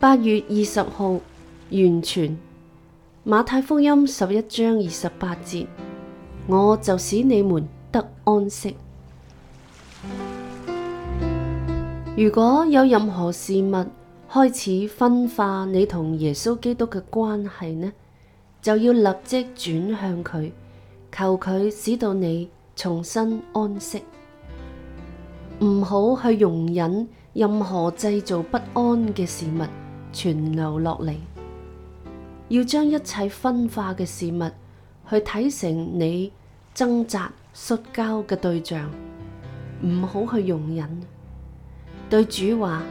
八月二十號，完全馬太福音十一章二十八節，我就使你們得安息。如果有任何事物開始分化你同耶穌基督嘅關係呢，就要立即轉向佢，求佢使到你重新安息。唔好去容忍任何製造不安嘅事物。存留落嚟，要將一切分化嘅事物去睇成你掙扎摔跤嘅對象，唔好去容忍。對主話：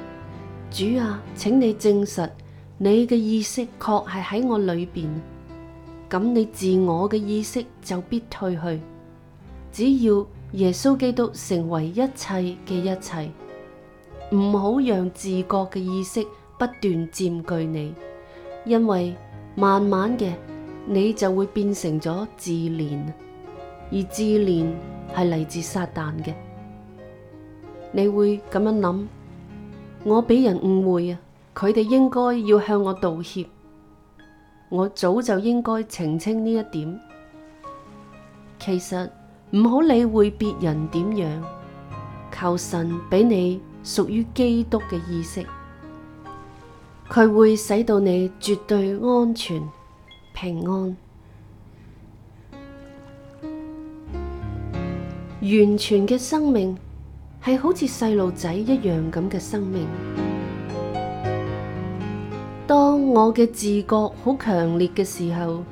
主啊，請你證實你嘅意識確係喺我裏邊。咁你自我嘅意識就必退去。只要耶穌基督成為一切嘅一切，唔好讓自覺嘅意識，不斷佔據你，因為慢慢嘅你就會變成咗自憐，而自憐係嚟自撒旦嘅。你會咁樣諗：我俾人誤會啊，佢哋應該要向我道歉，我早就應該澄清呢一點。其實唔好理會別人點樣，求神俾你屬於基督嘅意識。佢會使到你絕對安全、平安。完全嘅生命，係好似細路仔一樣咁嘅生命。當我嘅自覺好強烈嘅時候，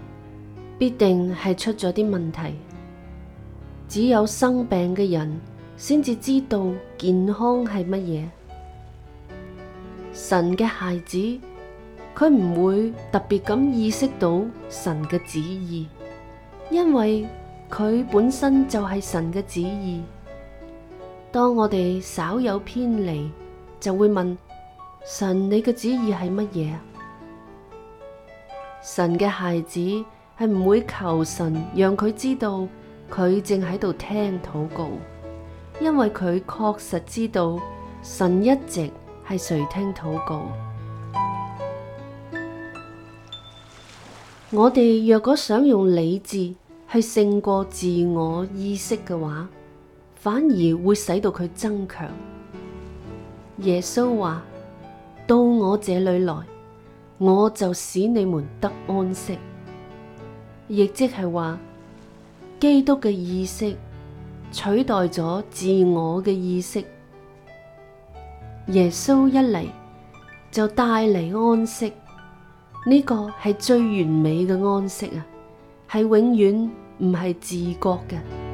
必定係出咗啲問題。只有生病嘅人先至知道健康係乜嘢。神嘅孩子，佢唔會特別咁意識到神嘅旨意，因為佢本身就係神嘅旨意。當我哋稍有偏離，就會問神：你嘅旨意係乜嘢？神嘅孩子係唔會求神讓佢知道佢正喺度聽禱告，因為佢確實知道神一直。係垂聽禱告。 我哋若果想用理智去勝過自我意識嘅話，反而會使到佢增強。耶穌話：到我這裏來，我就使你們得安息。亦即係話，基督嘅意識取代咗自我嘅意識。耶穌一嚟就帶嚟安息，呢、這個係最完美嘅安息啊！係永遠唔係自覺嘅。